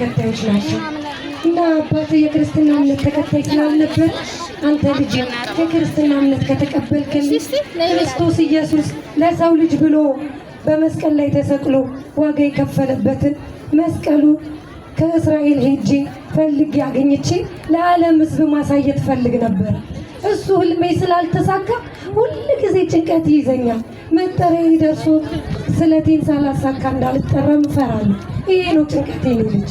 ተከታዮች ናቸው እና አባት የክርስትና እምነት ተከታይ ስላልነበር አንተ ልጅ የክርስትና እምነት ከተቀበልክልኝ ክርስቶስ ኢየሱስ ለሰው ልጅ ብሎ በመስቀል ላይ ተሰቅሎ ዋጋ የከፈለበትን መስቀሉ ከእስራኤል ሄጄ ፈልጌ አገኝቼ ለዓለም ሕዝብ ማሳየት ፈልግ ነበር። እሱ ህልሜ ስላልተሳካ ሁል ጊዜ ጭንቀት ይይዘኛል። መጠሪያ ደርሶ ስለቴን ሳላሳካ እንዳልጠረም እፈራለሁ። ይሄ ነው ጭንቀቴ ነው ልጅ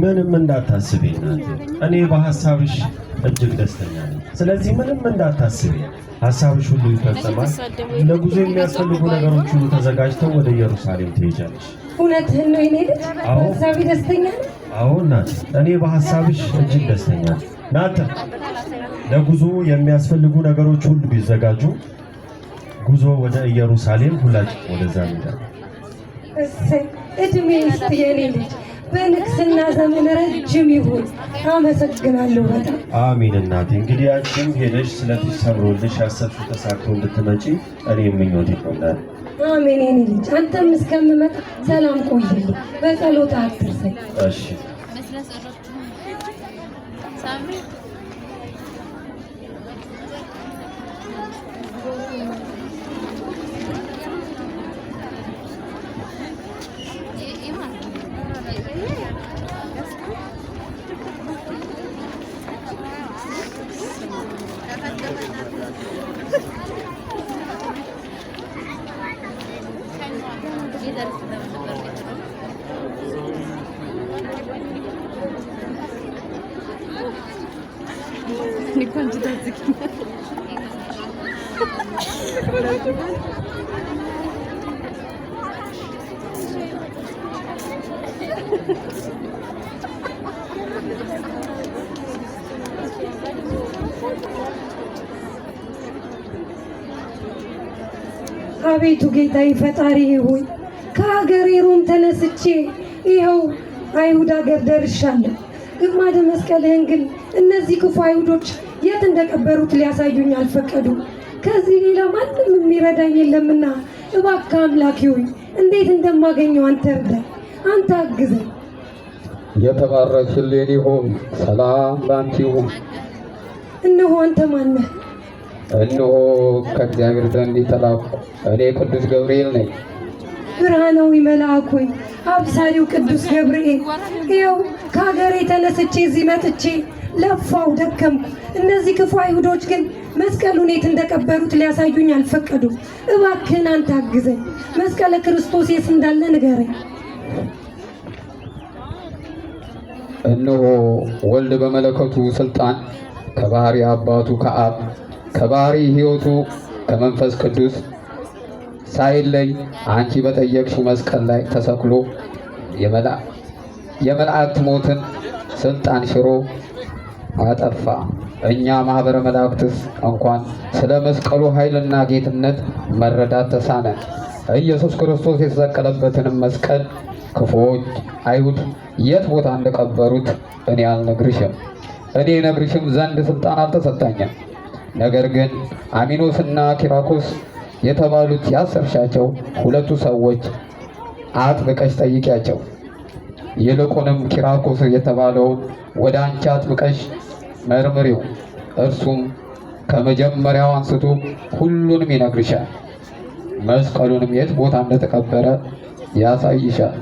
ምንም እንዳታስቢ እናት፣ እኔ በሀሳብሽ እጅግ ደስተኛ ነኝ። ስለዚህ ምንም እንዳታስቢ፣ ሀሳብሽ ሁሉ ይፈጸማል። ለጉዞ የሚያስፈልጉ ነገሮች ሁሉ ተዘጋጅተው ወደ ኢየሩሳሌም ትሄጃለሽ። እውነትህን ነው የኔ ልጅ? በሀሳቤ ደስተኛ ነኝ። አዎ እናት፣ እኔ በሀሳብሽ እጅግ ደስተኛ ናተ፣ ለጉዞ የሚያስፈልጉ ነገሮች ሁሉ ቢዘጋጁ ጉዞ ወደ ኢየሩሳሌም ሁላችን ወደዛ እንሄዳለን። እድሜ ይስጥ የኔ ልጅ በንግስና ዘመን ረጅም ይሁን። አመሰግናለሁ በጣም አሚን። እናቴ እንግዲህ አንቺም ሄደሽ ስለተሰብሮልሽ ያሰብሽው ተሳክቶ እንድትመጪ እኔ የምኞት ይሆናል። አሜን። የኔ ልጅ አንተም እስከምመጣ ሰላም ቆይልኝ። በጸሎት አትርሰኝ። እሺ እኔ አቤቱ ጌታዬ ፈጣሪ ሆይ ከሀገሬ ሮም ተነስቼ ይኸው አይሁድ ሀገር ደርሻለሁ። ግማደ መስቀልህን ግን እነዚህ ክፉ አይሁዶች የት እንደቀበሩት ሊያሳዩኝ አልፈቀዱ። ከዚህ ሌላ ማንም የሚረዳኝ የለምና እባክህ አምላክ ሆይ እንዴት እንደማገኘው አንተ እርዳኝ፣ አንተ አግዘኝ። የተባረክሽልን ይሁን፣ ሰላም ላንቺ ይሁን። እነሆ አንተ ማነ ነህ? እነሆ ከእግዚአብሔር ዘንድ የተላኩ እኔ ቅዱስ ገብርኤል ነኝ። ብርሃናዊ መልአክ ሆይ አብሳሪው ቅዱስ ገብርኤል ይኸው ከሀገሬ ተነስቼ እዚህ መጥቼ ለፋው፣ ደከምኩ። እነዚህ ክፉ አይሁዶች ግን መስቀሉን የት እንደቀበሩት ሊያሳዩኝ አልፈቀዱም። እባክህን አንተ አግዘኝ፣ መስቀለ ክርስቶስ የት እንዳለ ንገረኝ። እነሆ ወልድ በመለኮቱ ስልጣን ከባህሪ አባቱ ከአብ ከባህሪ ሕይወቱ ከመንፈስ ቅዱስ ሳይለይ አንቺ በጠየቅሽው መስቀል ላይ ተሰቅሎ የመላእክት ሞትን ስልጣን ሽሮ አጠፋ። እኛ ማኅበረ መላእክትስ እንኳን ስለ መስቀሉ ኃይልና ጌትነት መረዳት ተሳነን። ኢየሱስ ክርስቶስ የተሰቀለበትንም መስቀል ክፉዎች አይሁድ የት ቦታ እንደቀበሩት እኔ አልነግርሽም፣ እኔ ነግርሽም ዘንድ ስልጣን አልተሰጣኝም። ነገር ግን አሚኖስና ኪራኮስ የተባሉት ያሰርሻቸው ሁለቱ ሰዎች አጥብቀሽ ጠይቂያቸው። ይልቁንም ኪራኮስ የተባለውን ወደ አንቺ አጥብቀሽ መርምሪው፣ እርሱም ከመጀመሪያው አንስቶ ሁሉንም ይነግርሻል። መስቀሉንም የት ቦታ እንደተቀበረ ያሳይሻል።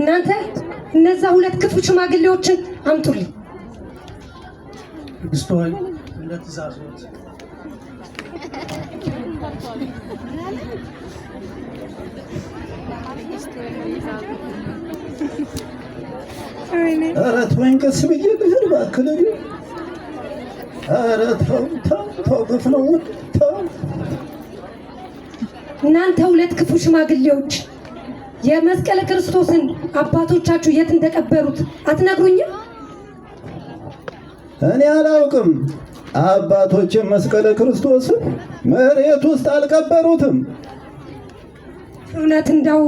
እናንተ እነዛ ሁለት ክፉ ሽማግሌዎችን አምጡልኝ። ንግስት ሆይ እንደ ትእዛዞት ኧረ ተወኝ ቀስ ብዬ ልሂድ እባክህ ልሂድ። ኧረ ተው ተው ተው ግፍ ተው። እናንተ ሁለት ክፉ ሽማግሌዎች የመስቀለ ክርስቶስን አባቶቻችሁ የት እንደቀበሩት አትነግሩኝም? እኔ አላውቅም። አባቶችን መስቀለ ክርስቶስን መሬት ውስጥ አልቀበሩትም። እውነት እንደው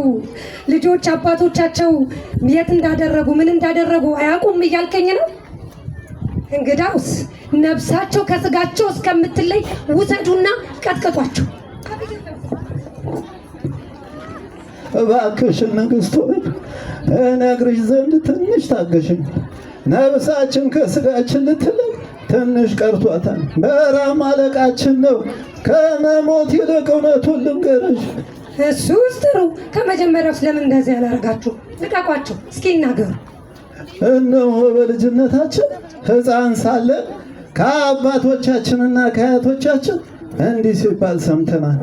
ልጆች አባቶቻቸው የት እንዳደረጉ ምን እንዳደረጉ አያውቁም እያልከኝ ነው? እንግዳውስ ነፍሳቸው ከስጋቸው እስከምትለይ ውሰዱና ቀጥቀጧቸው። እባክሽን ንግሥት ሆይ እነግርሽ ዘንድ ትንሽ ታገሽኝ። ነፍሳችን ከስጋችን ልትለይ ትንሽ ቀርቷታል። በራም አለቃችን ነው። ከመሞት ይልቅ እውነቱን ልንገርሽ እሱስ ጥሩ። ከመጀመሪያው ስለምን እንደዚህ ያላደርጋችሁ? ልቀቋቸው እስኪ ይናገሩ። እነሆ በልጅነታችን ሕፃን ሳለን ከአባቶቻችንና ከአያቶቻችን እንዲህ ሲባል ሰምተናል።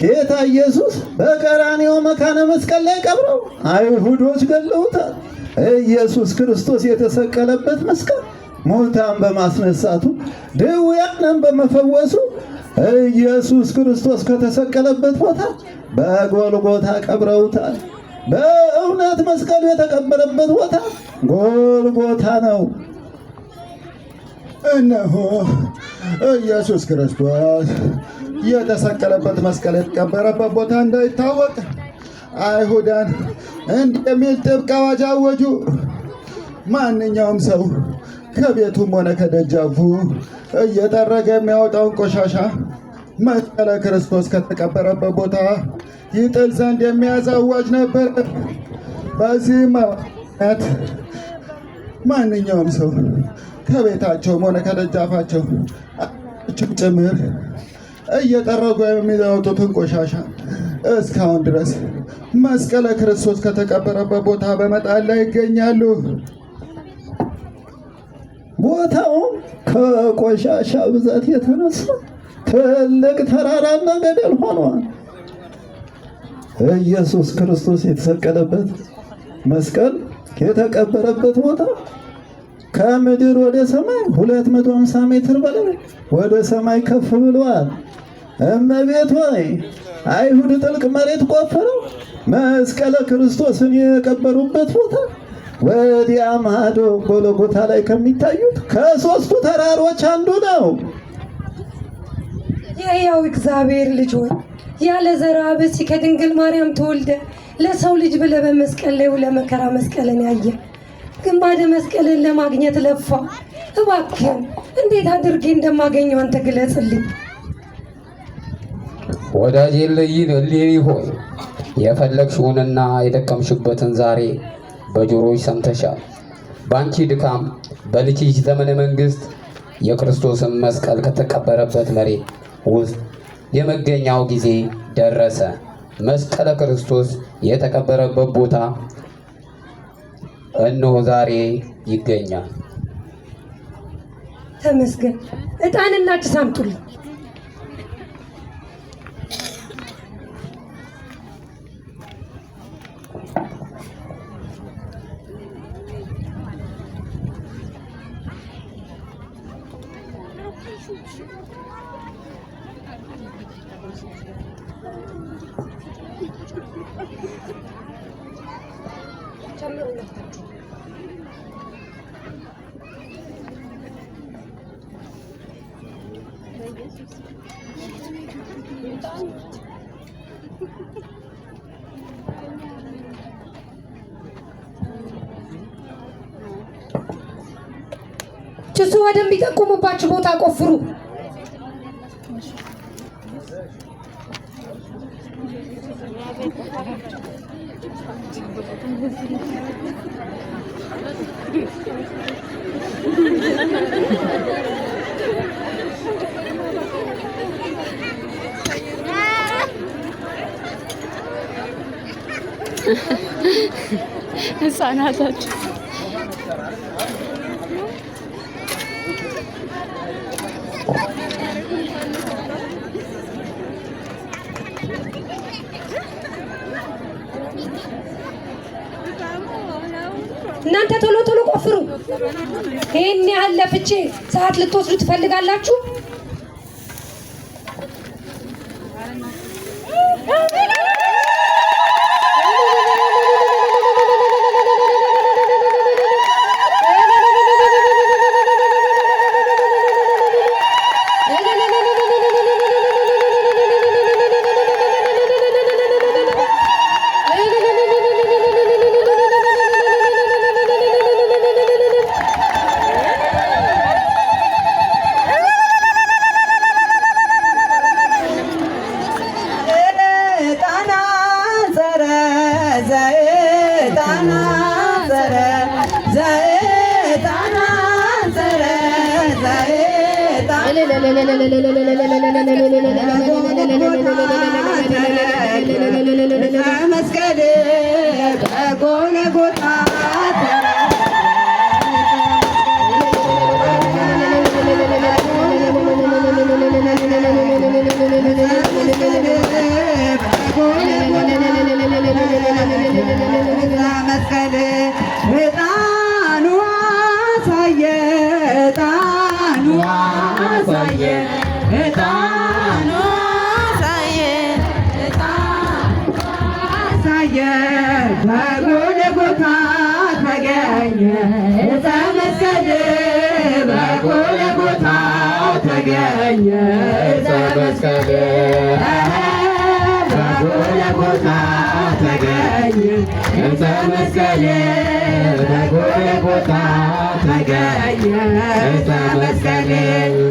ጌታ ኢየሱስ በቀራንዮ መካነ መስቀል ላይ ቀብረው አይሁዶች ገለውታል። ኢየሱስ ክርስቶስ የተሰቀለበት መስቀል ሙታን በማስነሳቱ ድውያንን በመፈወሱ ኢየሱስ ክርስቶስ ከተሰቀለበት ቦታ በጎልጎታ ቀብረውታል። በእውነት መስቀሉ የተቀበረበት ቦታ ጎልጎታ ነው። እነሆ ኢየሱስ ክርስቶስ የተሰቀለበት መስቀል የተቀበረበት ቦታ እንዳይታወቅ አይሁዳን እንደሚል ጥብቅ አዋጅ አወጁ። ማንኛውም ሰው ከቤቱም ሆነ ከደጃፉ እየጠረገ የሚያወጣውን ቆሻሻ መስቀለ ክርስቶስ ከተቀበረበት ቦታ ይጥል ዘንድ የሚያዝ አዋጅ ነበር። በዚህም ምክንያት ማንኛውም ሰው ከቤታቸውም ሆነ ከደጃፋቸው ችም ጭምር እየጠረጉ የሚያወጡትን ቆሻሻ እስካሁን ድረስ መስቀለ ክርስቶስ ከተቀበረበት ቦታ በመጣል ላይ ይገኛሉ። ቦታውም ከቆሻሻ ብዛት የተነሳ ትልቅ ተራራና ገደል ሆኗል። ኢየሱስ ክርስቶስ የተሰቀለበት መስቀል የተቀበረበት ቦታ ከምድር ወደ ሰማይ 250 ሜትር በላይ ወደ ሰማይ ከፍ ብሏል። እመቤት ሆይ አይሁድ ጥልቅ መሬት ቆፈረው መስቀለ ክርስቶስን የቀበሩበት ቦታ ወዲያ ማዶ ጎለጎታ ላይ ከሚታዩት ከሶስቱ ተራሮች አንዱ ነው። የሕያው እግዚአብሔር ልጅ ሆይ ያለ ዘርዓ ብእሲ ከድንግል ማርያም ተወልደ ለሰው ልጅ ብለ በመስቀል ላይ ለመከራ መስቀልን ያየ ግማደ መስቀልን ለማግኘት ለፋ። እባክህን እንዴት አድርጌ እንደማገኘው አንተ ግለጽልኝ። ወዳጄ ልይ ሆይ የፈለግሽውንና የደከምሽበትን ዛሬ በጆሮች ሰምተሻል። በአንቺ ድካም በልጅሽ ዘመነ መንግስት የክርስቶስን መስቀል ከተቀበረበት መሬት ውስጥ የመገኛው ጊዜ ደረሰ። መስቀለ ክርስቶስ የተቀበረበት ቦታ እነሆ ዛሬ ይገኛል። ተመስገን። ዕጣንና ጭስ አምጡልኝ። ጨምሩላችሁ። ጭሱ በደንብ የሚጠቁሙባችሁ ቦታ ቆፍሩ። ህፃናታችሁ እናንተ ቶሎ ቶሎ ቆፍሩ። ይህን ያህል ለፍቼ ሰዓት ልትወስዱ ትፈልጋላችሁ? መስቀል እጣኑ ሳየን ሳየን በጉን ቦታ ተገኘ ዕፀ መስቀል በጉን ቦታ ተገኘ ዕፀ ተገኘ ዕፀ መስቀል